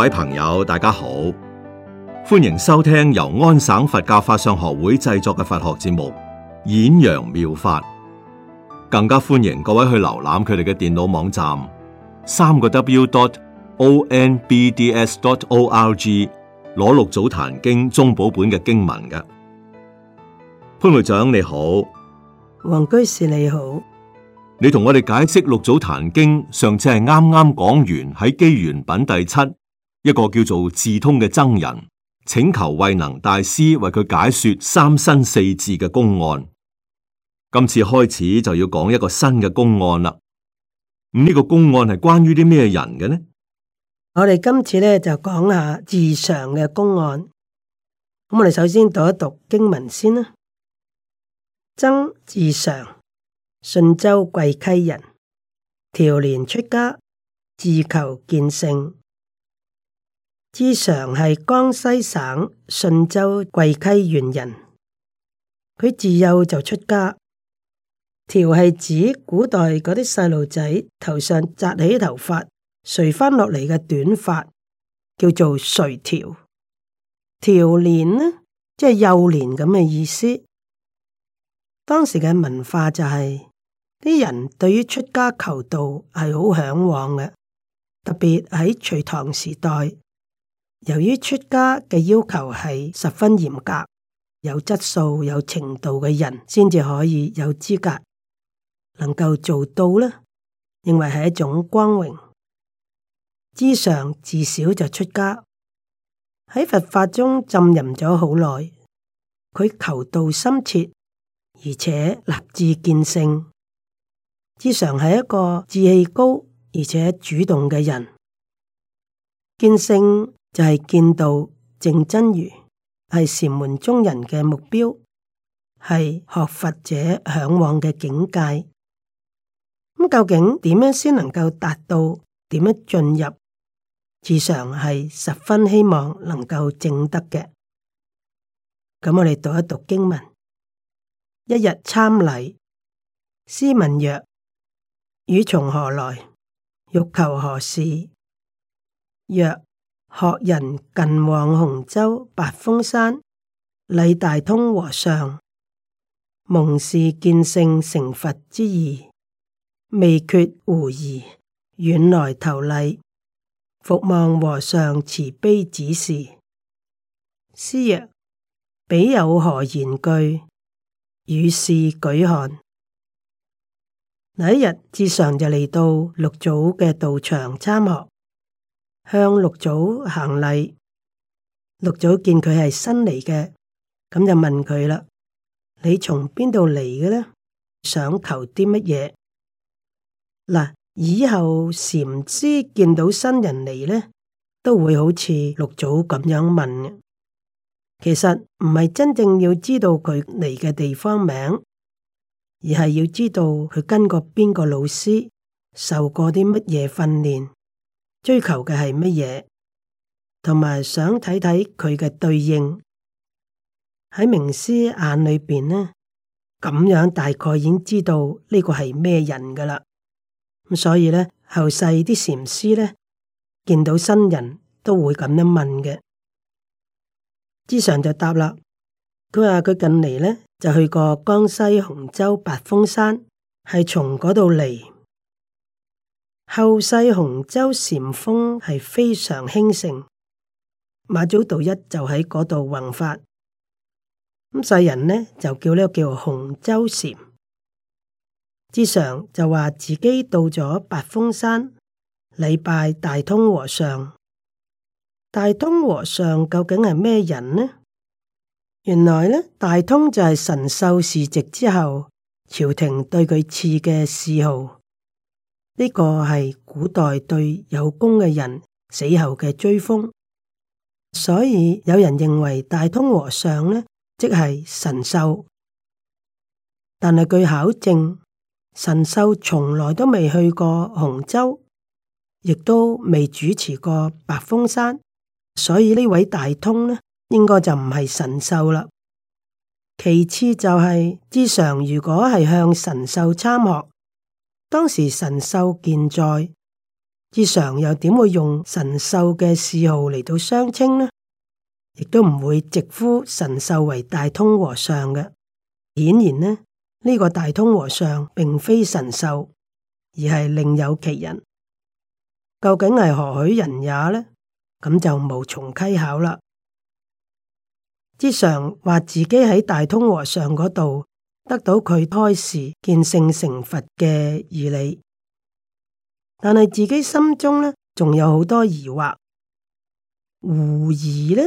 各位朋友，大家好，歡迎收聽由安省佛教法相學會製作嘅佛學節目《演揚妙法》，更加歡迎各位去瀏覽佢哋嘅電腦網站三個 w.dot.o.n.b.d.s.dot.o.r.g，攞六祖壇經宗寶本嘅經文嘅。潘會長你好，黃居士你好，你同我哋解釋六祖壇經，上次係啱啱講完喺機緣品第七。一個叫做智通嘅僧人，請求慧能大師為佢解說三身四智嘅公案。今次開始就要講一個新嘅公案啦。咁、嗯、呢、這個公案係關於啲咩人嘅呢？我哋今次呢就講下智常嘅公案。咁我哋首先讀一讀經文先啦。僧智常，信州貴溪人，髫年出家，自求見性。之常係江西省信州貴溪縣人，佢自幼就出家。條係指古代嗰啲細路仔頭上紮起頭髮垂翻落嚟嘅短髮，叫做垂條。條年呢，即係幼年咁嘅意思。當時嘅文化就係、是、啲人對於出家求道係好向往嘅，特別喺隋唐時代。由於出家嘅要求係十分嚴格，有質素、有程度嘅人先至可以有資格能夠做到呢，認為係一種光榮。智常自小就出家，喺佛法中浸淫咗好耐，佢求道深切，而且立志見性。智常係一個志氣高而且主動嘅人。見性。就係見到正真如，係禪門中人嘅目標，係學佛者向往嘅境界。咁究竟點樣先能夠達到？點樣進入？自常係十分希望能夠正得嘅。咁我哋讀一讀經文。一日參禮，師問曰：汝從何來？欲求何事？曰學人近往洪州白峰山禮大通和尚，蒙示見性成佛之意，未決狐疑，遠來投禮，伏望和尚慈悲指示。師曰：彼有何言句？與事舉看。那一日，智常就嚟到六祖嘅道場參學。向六祖行禮，六祖見佢係新嚟嘅，咁就問佢啦：你從邊度嚟嘅呢？想求啲乜嘢？嗱，以後禪師見到新人嚟呢，都會好似六祖咁樣問嘅。其實唔係真正要知道佢嚟嘅地方名，而係要知道佢跟過邊個老師，受過啲乜嘢訓練。追求嘅係乜嘢，同埋想睇睇佢嘅對應喺明師眼裏邊呢，咁樣大概已經知道呢個係咩人噶啦。咁所以咧，後世啲禪師咧，見到新人都會咁樣問嘅。之常就答啦，佢話佢近嚟咧就去過江西洪州白峰山，係從嗰度嚟。後世洪州禪風係非常興盛，馬祖道一就喺嗰度弘法，咁世人呢就叫呢個叫洪州禪。之上就話自己到咗白峰山禮拜大通和尚，大通和尚究竟係咩人呢？原來呢大通就係神秀逝世之後朝廷對佢賜嘅諡號。呢個係古代對有功嘅人死後嘅追封，所以有人認為大通和尚呢，即係神秀。但係據考證，神秀從來都未去過洪州，亦都未主持過白峰山，所以呢位大通呢，應該就唔係神秀啦。其次就係、是、智常如果係向神秀參學。當時神秀健在，智常又點會用神秀嘅諡號，嚟到相稱呢？亦都唔會直呼神秀為大通和尚嘅。顯然呢，呢個大通和尚並非神秀，而係另有其人。究竟係何許人也呢？咁就無從稽考啦。智常話自己喺大通和尚嗰度。得到佢開示見性成佛嘅義理，但係自己心中呢，仲有好多疑惑，狐疑呢？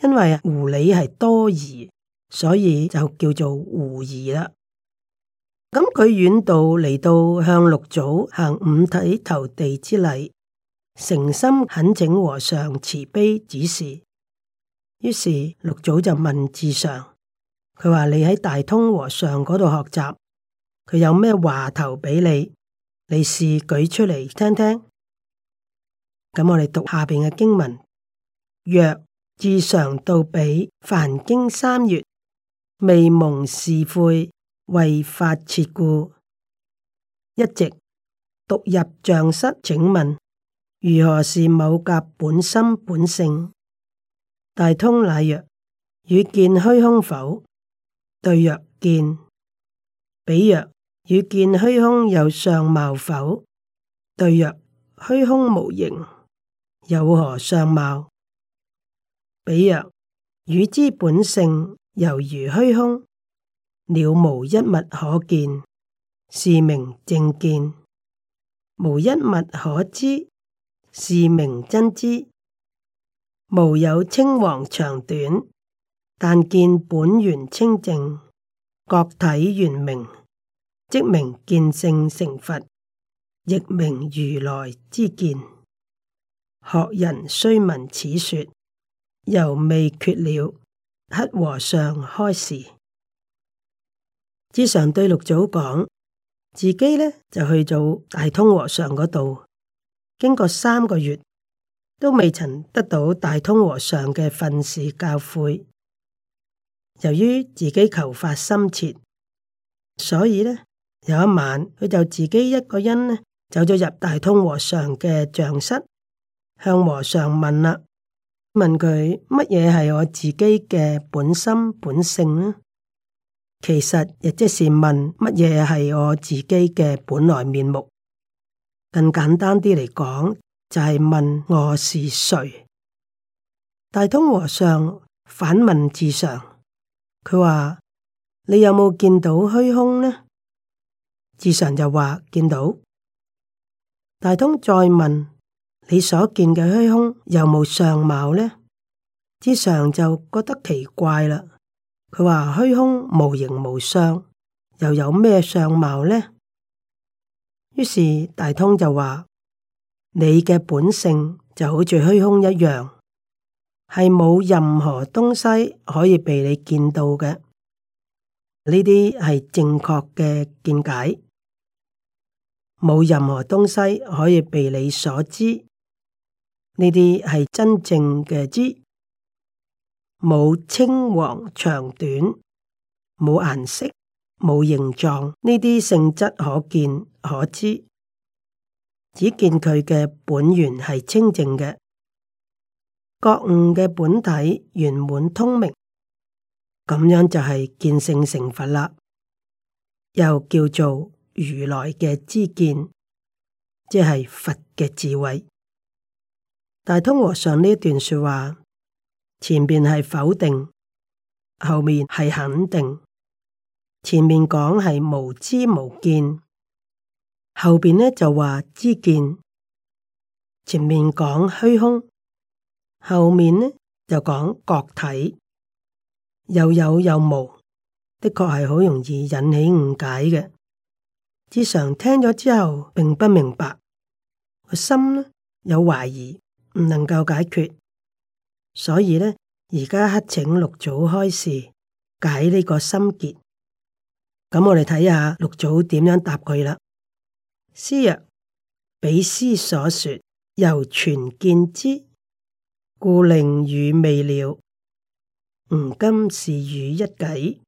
因為啊狐狸係多疑，所以就叫做狐疑啦。咁佢遠道嚟到向六祖行五體投地之禮，誠心懇請和尚慈悲指示。於是六祖就問智上。佢話你喺大通和尚嗰度學習，佢有咩話頭俾你，你試舉出嚟，聽聽。咁我哋讀下邊嘅經文：若自上到彼，凡經三月，未蒙示誨，為法切故，一直讀入丈室。請問如何是某甲本心本性？大通乃曰：汝見虛空否？對曰見，比曰與見虛空有相貌否？對曰虛空無形，有何相貌？比曰與之本性猶如虛空，了無一物可見，是名正見；無一物可知，是名真知；無有青黃長短。但見本源清淨，覺體圓明，即名見性成佛，亦名如來之見。學人雖聞此說，猶未決了。乞和尚開示。智常對六祖講，自己呢就去咗大通和尚嗰度，經過三個月，都未曾得到大通和尚嘅訓示教誨。由於自己求法深切，所以呢，有一晚，佢就自己一個人呢走咗入大通和尚嘅像室，向和尚問啦，問佢乜嘢係我自己嘅本心本性呢？其實亦即是問乜嘢係我自己嘅本來面目？更簡單啲嚟講，就係、是、問我是誰？大通和尚反問至上。佢話：你有冇見到虛空呢？智常就話見到。大通再問：你所見嘅虛空有冇相貌呢？智常就覺得奇怪啦。佢話虛空無形無相，又有咩相貌呢？於是大通就話：你嘅本性就好似虛空一樣。係冇任何東西可以被你見到嘅，呢啲係正確嘅見解。冇任何東西可以被你所知，呢啲係真正嘅知。冇青黃長短，冇顏色，冇形狀，呢啲性質可見可知，只見佢嘅本源係清淨嘅。覺悟嘅本體圓滿通明，咁樣就係見性成佛啦，又叫做如來嘅知見，即係佛嘅智慧。大通和尚呢段說話，前面係否定，後面係肯定。前面講係無知無見，後邊呢就話知見。前面講虛空。後面呢就講個體又有又無，的確係好容易引起誤解嘅。智常聽咗之後，並不明白個心呢有懷疑，唔能夠解決，所以呢而家刻請六祖開示解呢個心結。咁、嗯、我哋睇下六祖點樣答佢啦。師曰：彼師所說，猶存見知。故令雨未了，吾今示汝一偈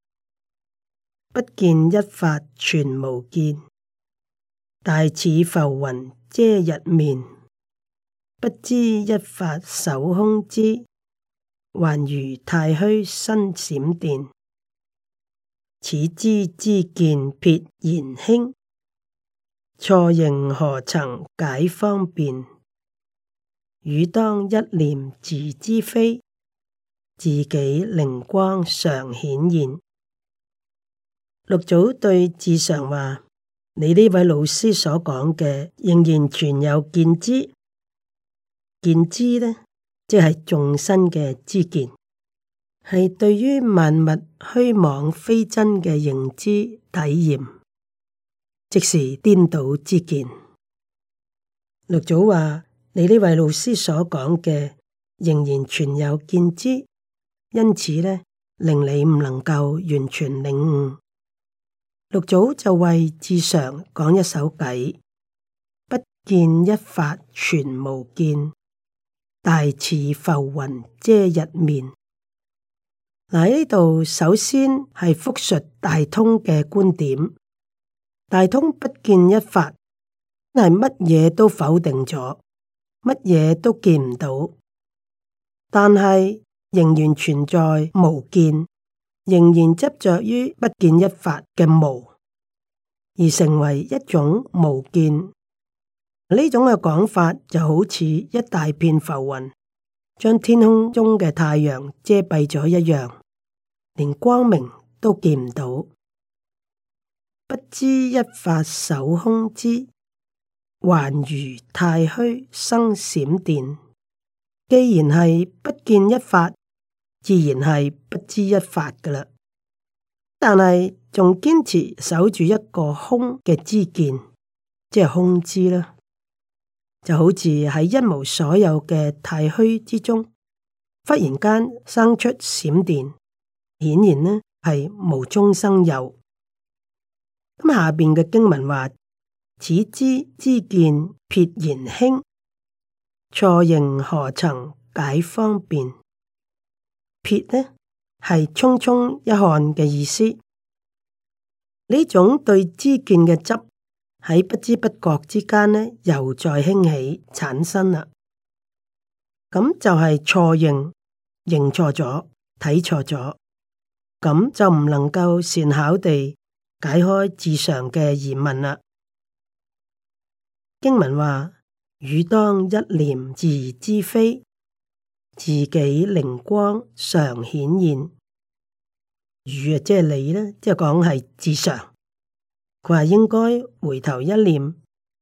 不見一法全無見，大似浮雲遮日面，不知一法守空知，還如太虛身閃電，此知之見別然興，錯認何曾解方便？汝當一念自知非，自己靈光常顯現。六祖對智常話：你呢位老師所講嘅，仍然存有見知。見知呢，即係眾生嘅知見，係對於萬物虛妄非真嘅認知體驗，即是顛倒之見。六祖話。你呢位老師所講嘅仍然存有見知，因此呢，令你唔能夠完全領悟。六祖就為智常講一首偈：，不見一法，全無見，大似浮雲遮日面。嗱呢度首先係複述大通嘅觀點，大通不見一法，係乜嘢都否定咗。乜嘢都見唔到，但係仍然存在無見，仍然執着於不見一法嘅無，而成為一種無見。呢種嘅講法就好似一大片浮雲，將天空中嘅太陽遮蔽咗一樣，連光明都見唔到。不知一法守空知。還如太虛生閃電，既然係不見一法，自然係不知一法噶啦。但係仲堅持守住一個空嘅知見，即係空知啦，就好似喺一無所有嘅太虛之中，忽然間生出閃電，顯然呢係無中生有。咁下邊嘅經文話。此知之見瞥然興，錯認何曾解方便？瞥呢係匆匆一看嘅意思。呢種對知見嘅執，喺不知不覺之間呢，又再興起產生啦。咁就係錯認，認錯咗，睇錯咗，咁就唔能夠善巧地解開自常嘅疑問啦。經文話：汝當一念自知非，自己靈光常顯現。汝啊，即係你啦，即係講係智常。」佢話應該回頭一念，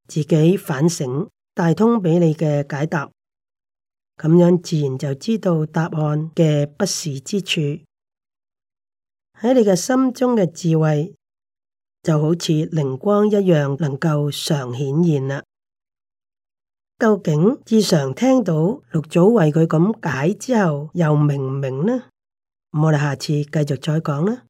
自己反省，大通俾你嘅解答，咁樣自然就知道答案嘅不是之處。喺你嘅心中嘅智慧，就好似靈光一樣，能夠常顯現啦。究竟志常聽到六祖為佢咁解之後，又明唔明呢？咁我哋下次繼續再講啦。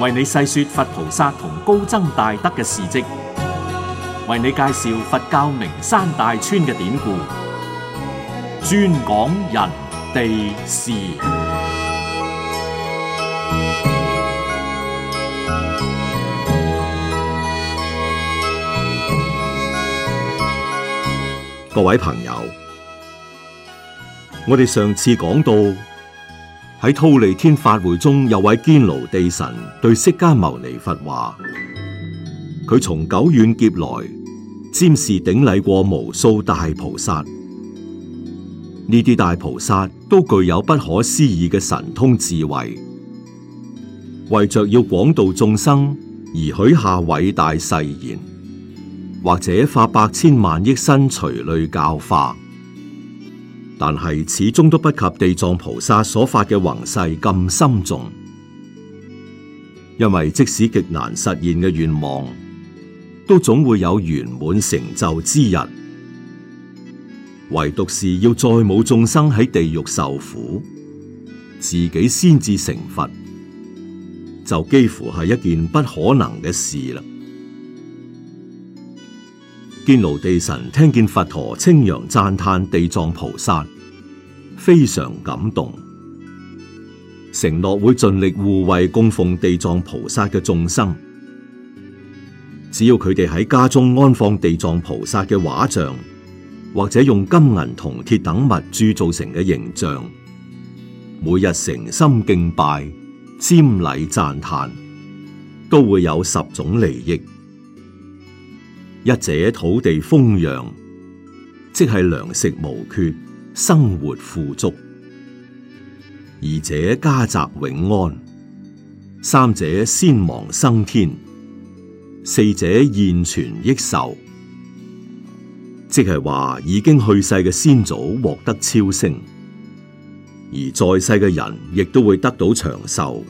為你細說佛菩薩同高僧大德嘅事跡，為你介紹佛教名山大川嘅典故，專講人地事。各位朋友，我哋上次講到喺《忉利天法會》中，有位堅牢地神對釋迦牟尼佛話：佢從久遠劫來，瞻視頂禮過無數大菩薩。呢啲大菩薩都具有不可思議嘅神通智慧，為着要廣度眾生而許下偉大誓言。或者發百千萬億身隨類教化，但係始終都不及地藏菩薩所發嘅宏誓咁深重。因為即使極難實現嘅願望，都總會有圓滿成就之日。唯獨是要再冇眾生喺地獄受苦，自己先至成佛，就幾乎係一件不可能嘅事啦。堅牢地神聽見佛陀稱揚讚歎地藏菩薩，非常感動，承諾會盡力護衛供奉地藏菩薩嘅眾生。只要佢哋喺家中安放地藏菩薩嘅畫像，或者用金銀銅鐵等物鑄造成嘅形象，每日誠心敬拜、瞻禮、讚歎，都會有十種利益。一者土地豐穰，即係糧食無缺，生活富足；二者家宅永安；三者先亡生天；四者現存益壽，即係話已經去世嘅先祖獲得超升，而在世嘅人亦都會得到長壽。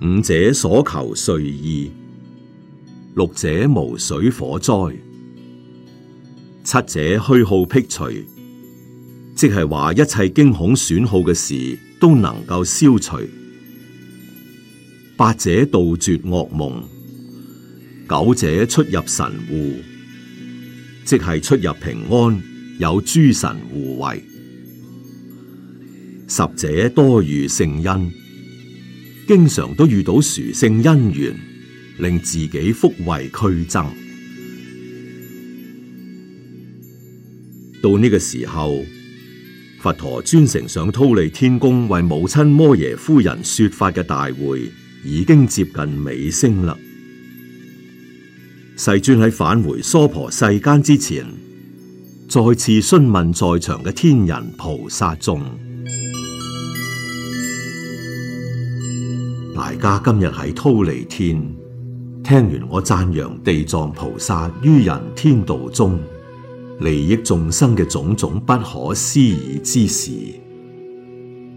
五者所求遂意。六者無水火災，七者虛耗辟除，即係話一切驚恐損耗嘅事都能夠消除。八者杜絕惡夢，九者出入神護，即係出入平安，有諸神護衛。十者多遇聖因，經常都遇到殊勝因緣。令自己福慧俱增。到呢個時候，佛陀專程上忉利天宮為母親摩耶夫人說法嘅大會已經接近尾聲啦。世尊喺返回娑婆世間之前，再次詢問在場嘅天人菩薩眾：大家今日喺忉利天，聽完我讚揚地藏菩薩於人天道中利益眾生嘅種種不可思議之事，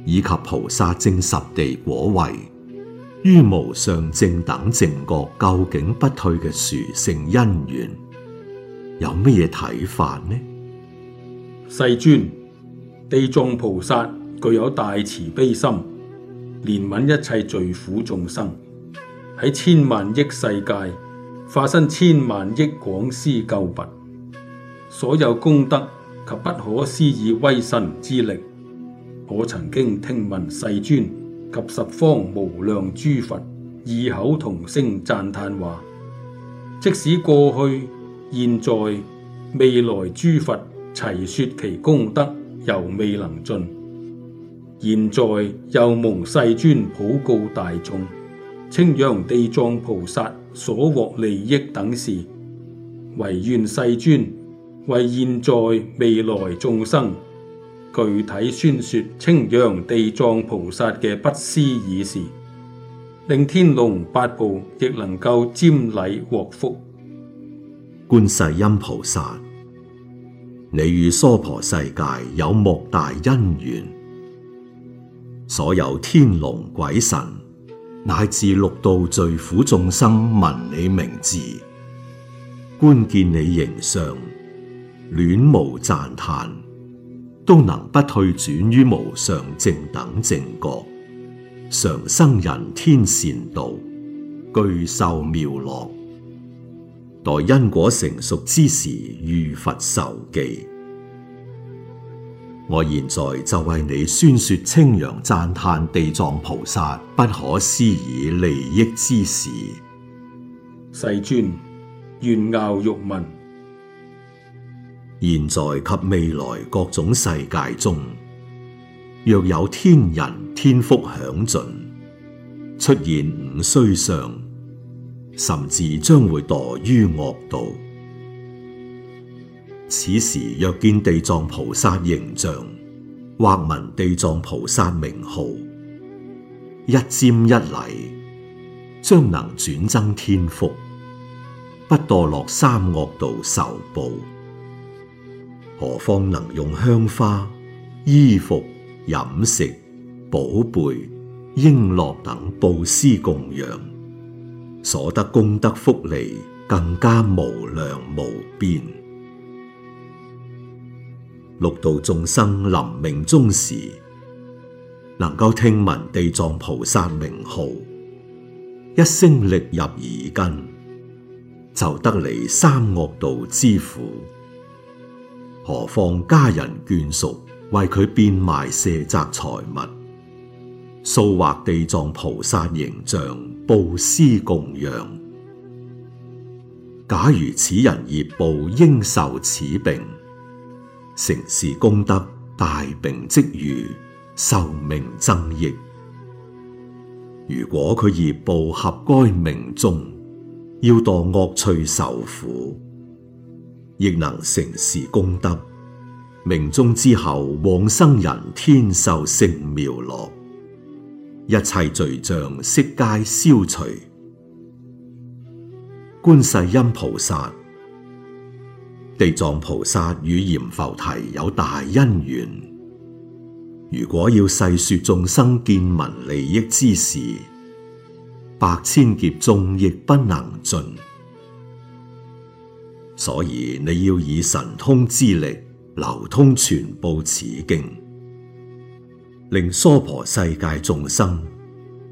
以及菩薩證十地果位於無上正等正覺究竟不退嘅殊勝因緣，有乜嘢睇法呢？世尊，地藏菩薩具有大慈悲心，憐憫一切罪苦眾生。喺千萬億世界，化身千萬億廣施救拔，所有功德及不可思議威神之力。我曾經聽聞世尊及十方無量諸佛異口同聲讚嘆話，即使過去、現在、未來諸佛齊説其功德，又未能盡。現在又蒙世尊普告大眾。稱揚地藏菩薩所獲利益等事，唯願世尊為現在未來眾生具體宣說稱揚地藏菩薩嘅不思議事，令天龍八部亦能夠瞻禮獲福。觀世音菩薩，你與娑婆世界有莫大因緣，所有天龍鬼神。乃至六道罪苦眾生，聞你名字，觀見你形相，戀慕讚嘆，都能不退轉於無上正等正覺。常生人天善道，具受妙樂，待因果成熟之時，遇佛受記。我現在就為你宣說清揚讚嘆地藏菩薩不可思議利益之事。世尊，願樂欲聞。現在及未來各種世界中，若有天人天福享盡，出現五衰相，甚至將會墮於惡道。此時若見地藏菩薩形象，或聞地藏菩薩名號，一瞻一禮，將能轉增天福，不墮落三惡道受報。何況能用香花、衣服、飲食、寶貝、瓔珞等布施供養，所得功德福利更加無量無邊。六道眾生臨命終時，能夠聽聞地藏菩薩名號，一聲力入耳根，就得離三惡道之苦。何況家人眷屬為佢變賣舍宅財物，塑畫地藏菩薩形象，布施供養。假如此人業報應受此病。成事功德，大病即愈，壽命增益。如果佢業報合該命中，要墮惡趣受苦，亦能成事功德。命中之後，往生人天受勝妙樂，一切罪障悉皆消除。觀世音菩薩。地藏菩薩與閻浮提有大因緣，如果要細說眾生見聞利益之事，百千劫眾亦不能盡。所以你要以神通之力流通全部此經，令娑婆世界眾生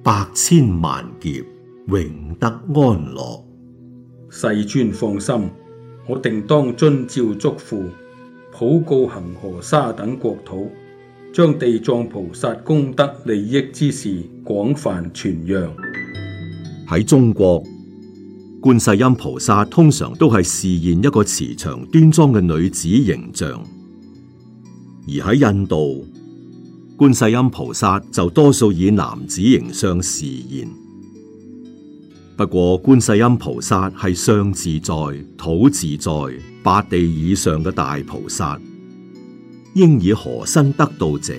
百千萬劫永得安樂。世尊放心。我定當遵照囑咐，普告恒河沙等國土，將地藏菩薩功德利益之事廣泛傳揚。喺中國，觀世音菩薩通常都係示現一個慈祥端莊嘅女子形象，而喺印度，觀世音菩薩就多數以男子形象示現。不過，觀世音菩薩係相自在、土自在、八地以上嘅大菩薩，應以何身得道者，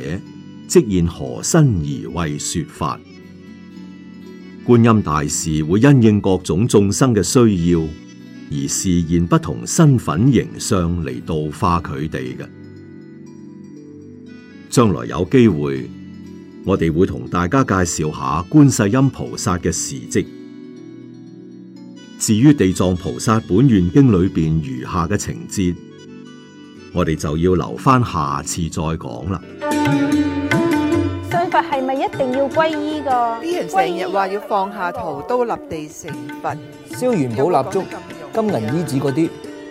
即現何身而為說法。觀音大士會因應各種眾生嘅需要，而示現不同身份形象嚟度化佢哋嘅。將來有機會，我哋會同大家介紹下觀世音菩薩嘅事跡。至於地藏菩薩本願經裏邊餘下嘅情節，我哋就要留翻下，下次再講啦。信佛係咪一定要皈依噶？啲人成日話要放下屠刀立地成佛，燒元寶蠟燭、金銀衣紙嗰啲，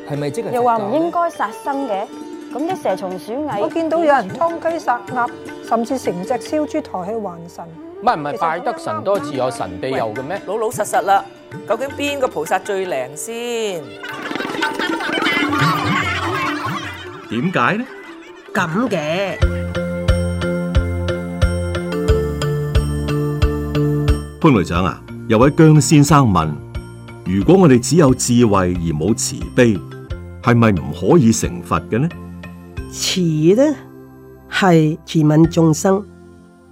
係咪即係？又話唔應該殺生嘅，咁啲蛇蟲鼠蟻，我見到有人殺雞殺鴨，甚至成隻燒豬抬去還神。唔係唔係，拜得神多似有神庇佑嘅咩？老老實實啦。究竟邊個菩薩最靈先？點解呢？咁嘅潘雷長啊，有位姜先生問：如果我哋只有智慧而冇慈悲，係咪唔可以成佛嘅呢？慈呢，係慈憫眾生，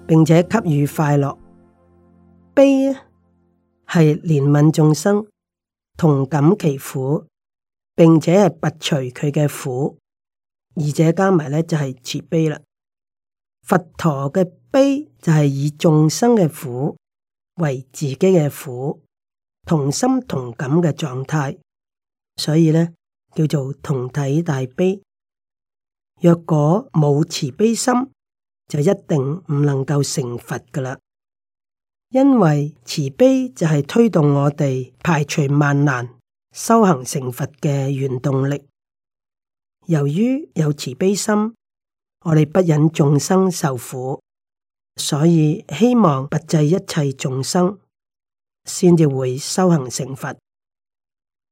並且給予快樂；悲呢？啊？係憐憫眾生，同感其苦，並且係拔除佢嘅苦，而且加埋咧就係慈悲啦。佛陀嘅悲就係以眾生嘅苦為自己嘅苦，同心同感嘅狀態，所以咧叫做同體大悲。若果冇慈悲心，就一定唔能夠成佛噶啦。因為慈悲就係推動我哋排除萬難，修行成佛嘅原動力。由於有慈悲心，我哋不忍眾生受苦，所以希望拔濟一切眾生，先至會修行成佛。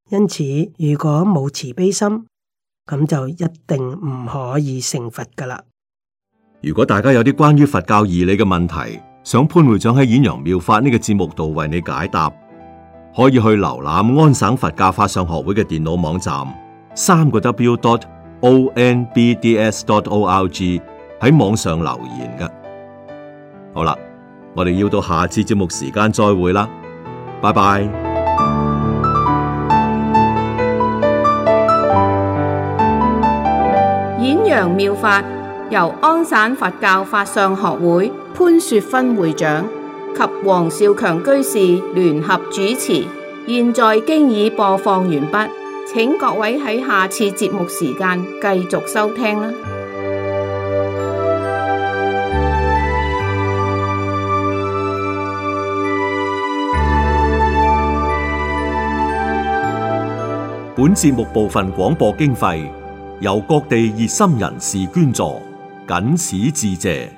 因此，如果冇慈悲心，咁就一定唔可以成佛噶啦。如果大家有啲關於佛教義理嘅問題，想潘會長喺演陽妙法呢、這個節目度為你解答，可以去瀏覽安省佛教法相學會嘅電腦網站，三個 w dot o n b d s dot o l g 喺網上留言㗎。好啦，我哋要到下次節目時間再會啦，拜拜。演陽妙法由安省佛教法相學會。潘雪芬會長及黃少強居士聯合主持，現在經已播放完畢，請各位喺下次節目時間繼續收聽啦。本節目部分廣播經費由各地熱心人士捐助，謹此致謝。